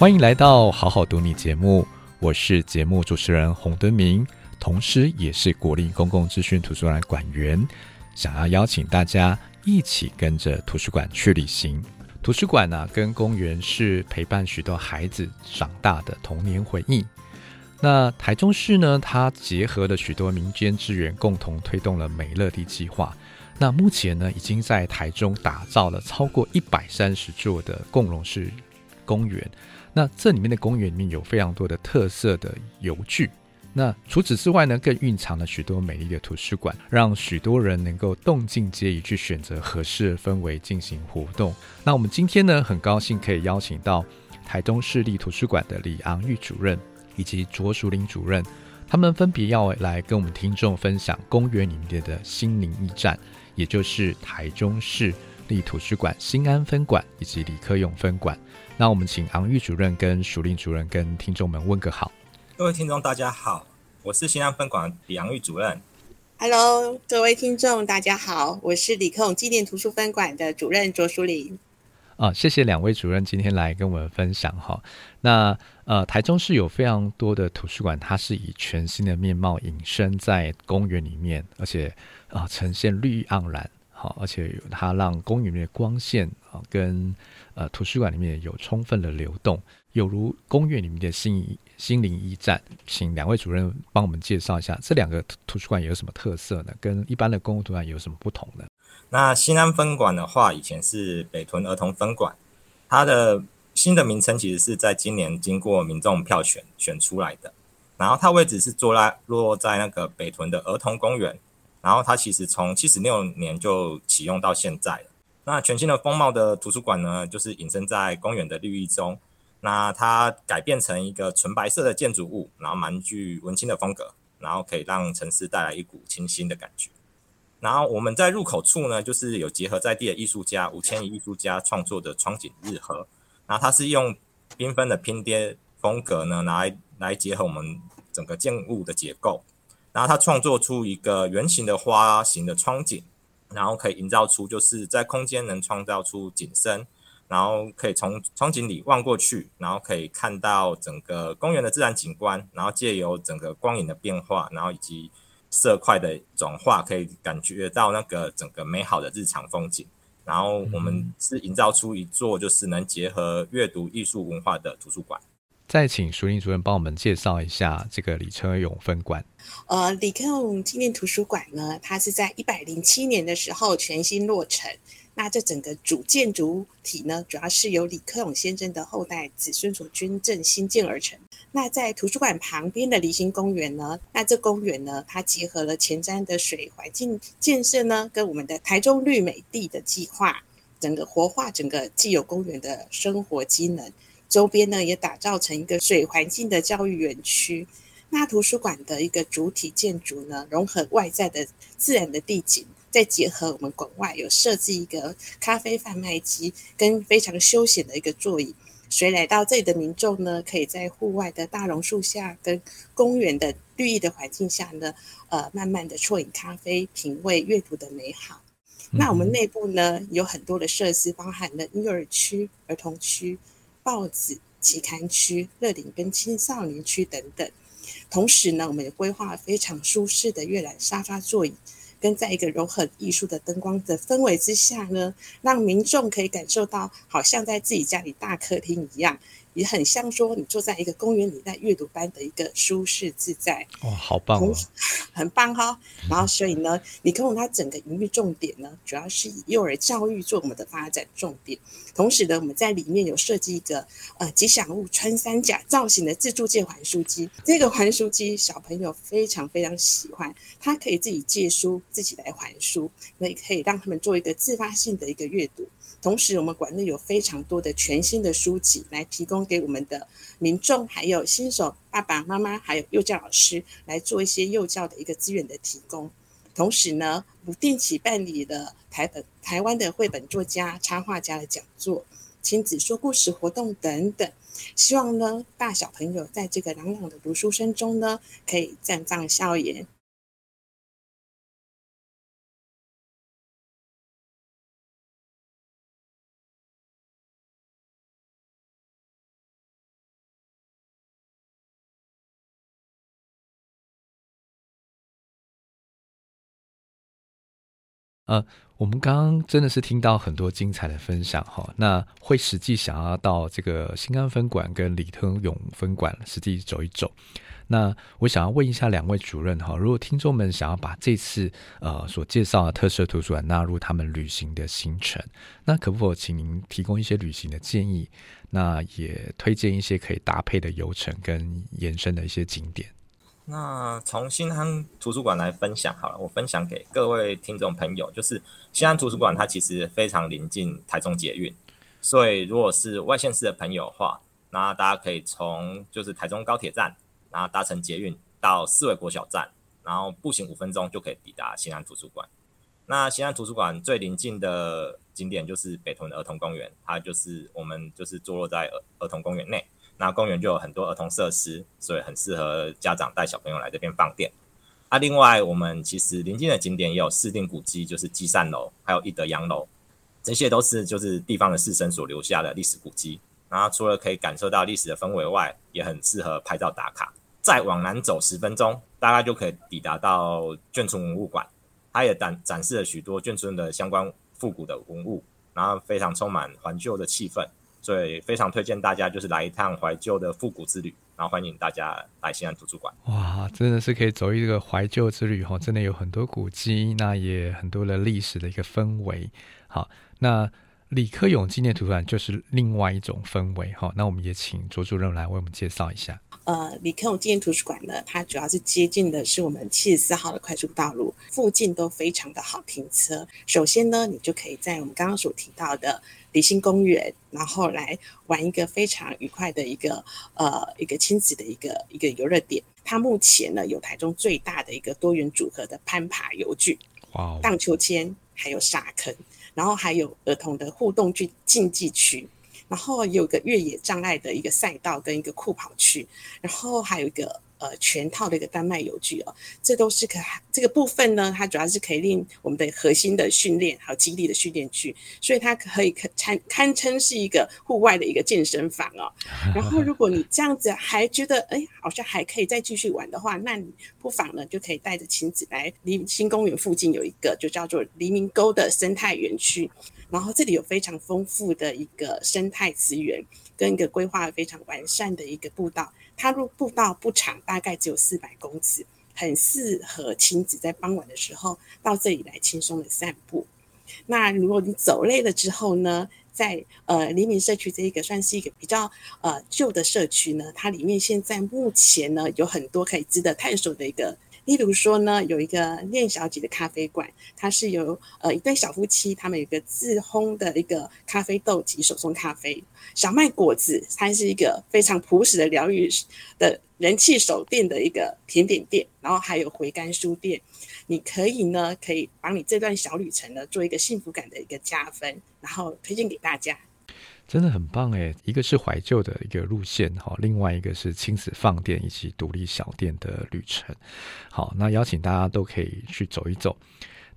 歡迎來到《好好讀你》節目，我是節目主持人洪敦明，同時也是國立公共資訊圖書館館員。想要邀請大家一起跟着圖書館去旅行。圖書館呢、啊，跟公園是陪伴許多孩子長大的童年回憶。那台中市呢，它結合了許多民間資源，共同推動了美樂地計劃。那目前呢，已經在台中打造了超過一百三十座的共融式公園。那這裡面的公園裡面有非常多的特色的遊具，那除此之外呢，更蘊藏了許多美麗的圖書館，讓許多人能夠動靜皆宜去選擇合適的氛圍進行活動。那我們今天呢，很高興可以邀請到臺中市立圖書館的李昂諭主任以及卓淑玲主任，他們分別要來跟我們聽眾分享公園裡面的、的心靈驛站，也就是台中市立圖書館興安分館以及李科永分館。那我們請昂諭主任跟淑玲主任跟聽眾們問個好。各位聽眾大家好，我是興安分館李昂諭主任。Hello，各位聽眾大家好，我是李科永紀念圖書分館的主任卓淑玲。啊，謝謝兩位主任今天來跟我們分享哈、哦。那呃，臺中市有非常多的圖書館，它是以全新的面貌隱身在公園裡面，而且啊、呃、呈現綠意盎然，好、哦，而且它讓公園裡面的光線。跟呃，圖書館裡面有充分的流動，有如公園裡面的心心靈驛站，請兩位主任幫我們介紹一下這兩個圖書館有什麼特色呢？跟一般的公共圖書館有什麼不同呢？那興安分館的話，以前是北屯兒童分館，它的新的名稱其實是在今年經過民眾票選選出來的，然後它位置是坐落在那個北屯的兒童公園，然後它其實從七十六年就啟用到現在了。那全新的風貌的圖書館呢，就是隱身在公園的綠意中。那它改變成一個純白色的建築物，然後蠻具文青的風格，然後可以讓城市帶來一股清新的感覺。然後我們在入口處呢，就是有結合在地的藝術家吳千怡藝術家創作的窗景日和。那它是用繽紛的拼貼風格呢，拿來來結合我們整個建物的結構。然後它創作出一個圓形的花形的窗景。然後可以營造出，就是在空間能創造出景深，然後可以從窗景裡望過去，然後可以看到整個公園的自然景觀，然後借由整個光影的變化，然後以及色塊的轉化，可以感覺到那個整個美好的日常風景。然後我們是營造出一座，就是能結合閱讀藝術文化的圖書館。再請淑玲主任幫我們介紹一下這個李科永分館。呃，李科永紀念圖書館呢，它是在一百零七年的時候全新落成。那這整個主建築體呢，主要是由李科永先生的後代子孫所捐贈興建而成。那在圖書館旁邊的梨心公園呢，那這公園呢，它結合了前瞻的水環境建設呢，跟我們的台中綠美地的計劃，整個活化整個既有公園的生活機能。周邊呢，也打造成一個水環境的教育園區。那圖書館的一個主體建築呢，融合外在的自然的地景，再結合我們館外有設計一個咖啡販賣機跟非常休閒的一個座椅。所以來到這裡的民眾呢，可以在戶外的大榕樹下跟公園的綠意的環境下呢，呃，慢慢的啜飲咖啡，品味閱讀的美好。那我們內部呢，有很多的設施，包含了嬰兒區、兒童區。報紙、期刊區、樂齡跟青少年區等等，同時呢，我們也規劃非常舒適的閱覽沙發座椅。跟在一個柔和藝術的燈光的氛圍之下呢，讓民眾可以感受到好像在自己家裡大客廳一樣，也很像說你坐在一個公園裡在閱讀班的一個舒適自在。哇、哦，好棒哦，很，很棒哈、哦。嗯、然後所以呢，你看到它整個營運重點呢，主要是以幼兒教育做我們的發展重點。同時呢，我們在裡面有設計一個呃吉祥物穿山甲造型的自助借還書機，這個還書機小朋友非常非常喜歡，他可以自己借書。自己來還書，那也可以讓他們做一個自發性的一個閱讀。同時，我們館內有非常多的全新的書籍來提供給我們的民眾，還有新手爸爸媽媽，還有幼教老師來做一些幼教的一個資源的提供。同時呢，不定期辦理了台本、台灣的繪本作家、插畫家的講座、親子說故事活動等等。希望呢，大小朋友在這個朗朗的讀書聲中呢，可以綻放笑顏。呃，我們剛剛真的是聽到很多精彩的分享哈，那會實際想要到這個興安分館跟李科永分館實際走一走。那我想要問一下兩位主任哈，如果聽眾們想要把這次呃所介紹的特色圖書館納入他們旅行的行程，那可不可請您提供一些旅行的建議？那也推薦一些可以搭配的遊程跟延伸的一些景點。那從興安圖書館來分享好了，我分享給各位聽眾朋友，就是興安圖書館它其實非常臨近台中捷運，所以如果是外縣市的朋友的話，那大家可以從就是台中高鐵站，然後搭乘捷運到四維國小站，然後步行五分鐘就可以抵達興安圖書館。那興安圖書館最臨近的景點就是北屯的兒童公園，它就是我們就是坐落在兒童公園內。那公園就有很多兒童設施，所以很適合家長帶小朋友來這邊放電。啊，另外我們其實臨近的景點也有市定古蹟，就是積善樓還有一德洋樓，這些都是就是地方的士紳所留下的歷史古蹟。然後除了可以感受到歷史的氛圍外，也很適合拍照打卡。再往南走十分鐘，大概就可以抵達到眷村文物館，它也展展示了許多眷村的相關復古的文物，然後非常充滿懷舊的氣氛。所以非常推薦大家就是來一趟懷舊的復古之旅，然後歡迎大家來興安圖書館。哇，真的是可以走一個懷舊之旅哦，真的有很多古蹟，那也很多的歷史的一個氛圍。好，那李科永紀念圖書館就是另外一種氛圍。好，那我們也請卓主任來為我們介紹一下。呃，李科永紀念圖書館呢，它主要是接近的是我們七十四號的快速道路，附近都非常的好停車。首先呢，你就可以在我們剛剛所提到的。黎新公園，然後來玩一個非常愉快的一個呃一個親子的一個一個遊樂點。它目前呢有台中最大的一個多元組合的攀爬遊具，哇，Wow. 盪秋千，還有沙坑，然後還有兒童的互動區競、競技區，然後也有個越野障礙的一個賽道跟一個酷跑區，然後還有一個。呃，全套的一個丹麥遊具哦，這都是可這個部分呢，它主要是可以令我們的核心的訓練還有肌力的訓練區。所以它可以堪堪稱是一個戶外的一個健身房哦。然後，如果你這樣子還覺得哎，好像還可以再繼續玩的話，那你不妨呢就可以帶着親子來黎明新公園，附近有一個就叫做黎明溝的生態園區，然後這裡有非常豐富的一個生態資源跟一個規劃非常完善的一個步道。它入步道不長，大概只有四百公尺，很適合親子在傍晚的時候到這裡來輕鬆的散步。那如果你走累了之後呢，在呃黎明社區這一個算是一個比較呃舊的社區呢，它裡面現在目前呢有很多可以值得探索的一個。例如說呢，有一個念小吉的咖啡館，它是由呃一對小夫妻，他們有一個自烘的一個咖啡豆及手沖咖啡，小麥果子，它是一個非常樸實的療癒的人氣手店的一個甜點店，然後還有回甘書店，你可以呢，可以把你這段小旅程呢，做一個幸福感的一個加分，然後推薦給大家。真的很棒誒，一個是懷舊的一個路線，另外一個是親子放電以及獨立小店的旅程。好，那邀請大家都可以去走一走。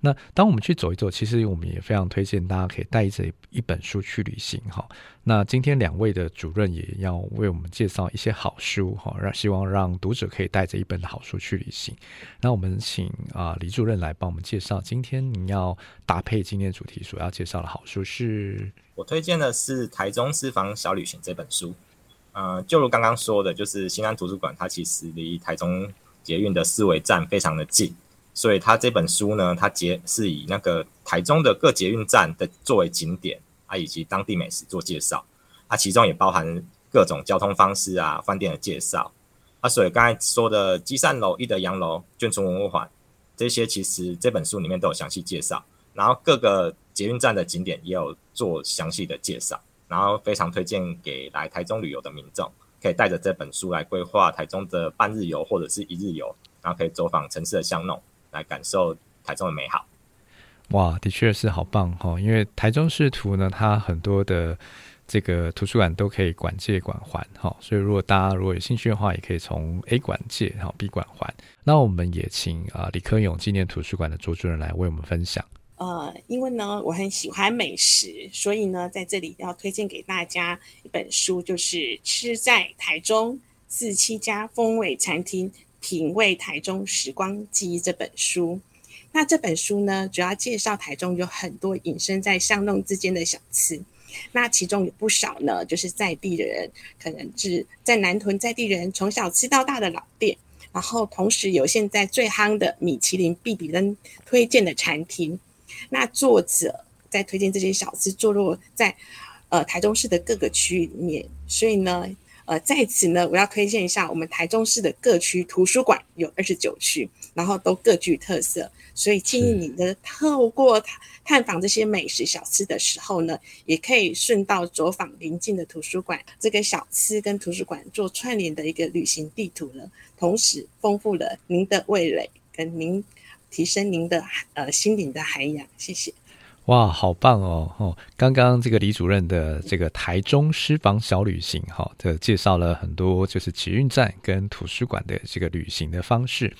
那當我們去走一走，其實我們也非常推薦大家可以帶着一本書去旅行哈。那今天兩位的主任也要為我們介紹一些好書哈，讓希望讓讀者可以帶着一本的好書去旅行。那我們請啊李主任來幫我們介紹，今天你要搭配今天主題所要介紹的好書是。我推薦的是《台中私房小旅行》這本書，嗯、呃，就如剛剛說的，就是興安圖書館，它其實離台中捷運的四維站非常的近，所以它這本書呢，它結是以那個台中的各捷運站的作為景點啊，以及當地美食做介紹，啊，其中也包含各種交通方式啊、飯店的介紹，啊，所以剛才說的積善樓、一德洋樓、眷村文物館，這些其實這本書裡面都有詳細介紹。然後各個捷運站的景點也有做詳細的介紹，然後非常推薦給來台中旅遊的民眾，可以帶着這本書來規劃台中的半日遊或者是一日遊，然後可以走訪城市的巷弄，來感受台中的美好。哇，的確是好棒哈、哦！因為台中市圖呢，它很多的這個圖書館都可以管借管還哈、哦，所以如果大家如果有興趣的話，也可以從 A 館借，然、哦、後 B 館還。那我們也請啊、呃、李科永紀念圖書館的卓主任來為我們分享。呃，因為呢我很喜歡美食，所以呢在這裡要推薦給大家一本書，就是《吃在台中四七家風味餐廳：品味台中時光記憶》這本書。那這本書呢，主要介紹台中有很多隱身在巷弄之間的小吃，那其中有不少呢，就是在地的人可能是在南屯在地人從小吃到大的老店，然後同時有現在最夯的米其林必比登推薦的餐廳。那作者在推薦這些小吃，坐落在呃台中市的各個區域裡面，所以呢，呃在此呢，我要推薦一下我們台中市的各區圖書館有二十九區，然後都各具特色，所以建議您呢透過探訪這些美食小吃的時候呢，也可以順道走訪臨近的圖書館。這個小吃跟圖書館做串聯的一個旅行地圖呢，同時豐富了您的味蕾跟您，提升您的呃心靈的涵養，謝謝。哇，好棒哦！哦，剛剛這個李主任的這個台中私房小旅行，哈、哦，這介紹了很多就是捷運站跟圖書館的這個旅行的方式。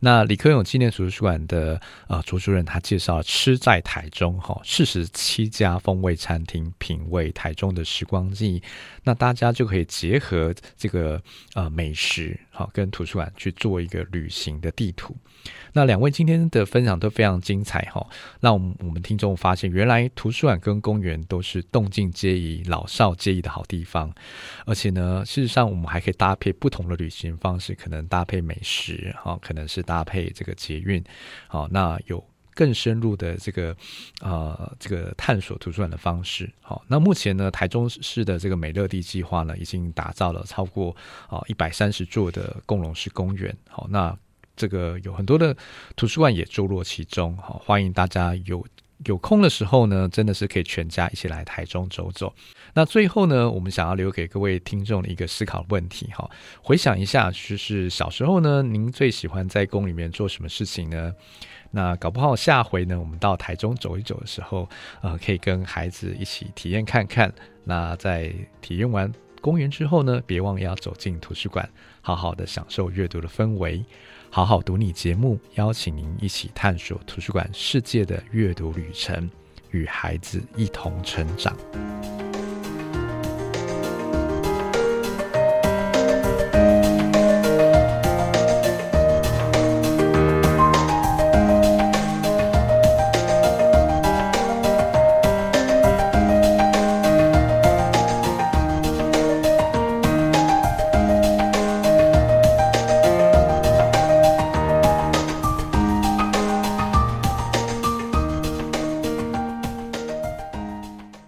那李科永紀念圖書館的啊，卓、呃、主任他介紹了吃在台中，哈、哦，四十七家風味餐廳，品味台中的時光記。那大家就可以結合這個啊、呃、美食，好、哦、跟圖書館去做一個旅行的地圖。那兩位今天的分享都非常精彩，哈、哦，那我們，我們聽眾。發現原來圖書館跟公園都是動靜皆宜、老少皆宜的好地方，而且呢，事實上我們還可以搭配不同的旅行方式，可能搭配美食哈、哦，可能是搭配這個捷運，好、哦，那有更深入的這個呃這個探索圖書館的方式，好、哦，那目前呢，台中市的這個美樂地計劃呢，已經打造了超過啊一百三十座的共融式公園，好、哦，那這個有很多的圖書館也坐落其中，好、哦，歡迎大家有。有空的時候呢，真的是可以全家一起來台中走走。那最後呢，我們想要留給各位聽眾的一個思考問題哈，回想一下，就是小時候呢，您最喜歡在公園裡面做什麼事情呢？那搞不好下回呢，我們到台中走一走的時候，呃，可以跟孩子一起體驗看看。那在體驗完公園之後呢，別忘了要走進圖書館，好好的享受閱讀的氛圍。好好讀你節目，邀請您一起探索圖書館世界的閱讀旅程，與孩子一同成長。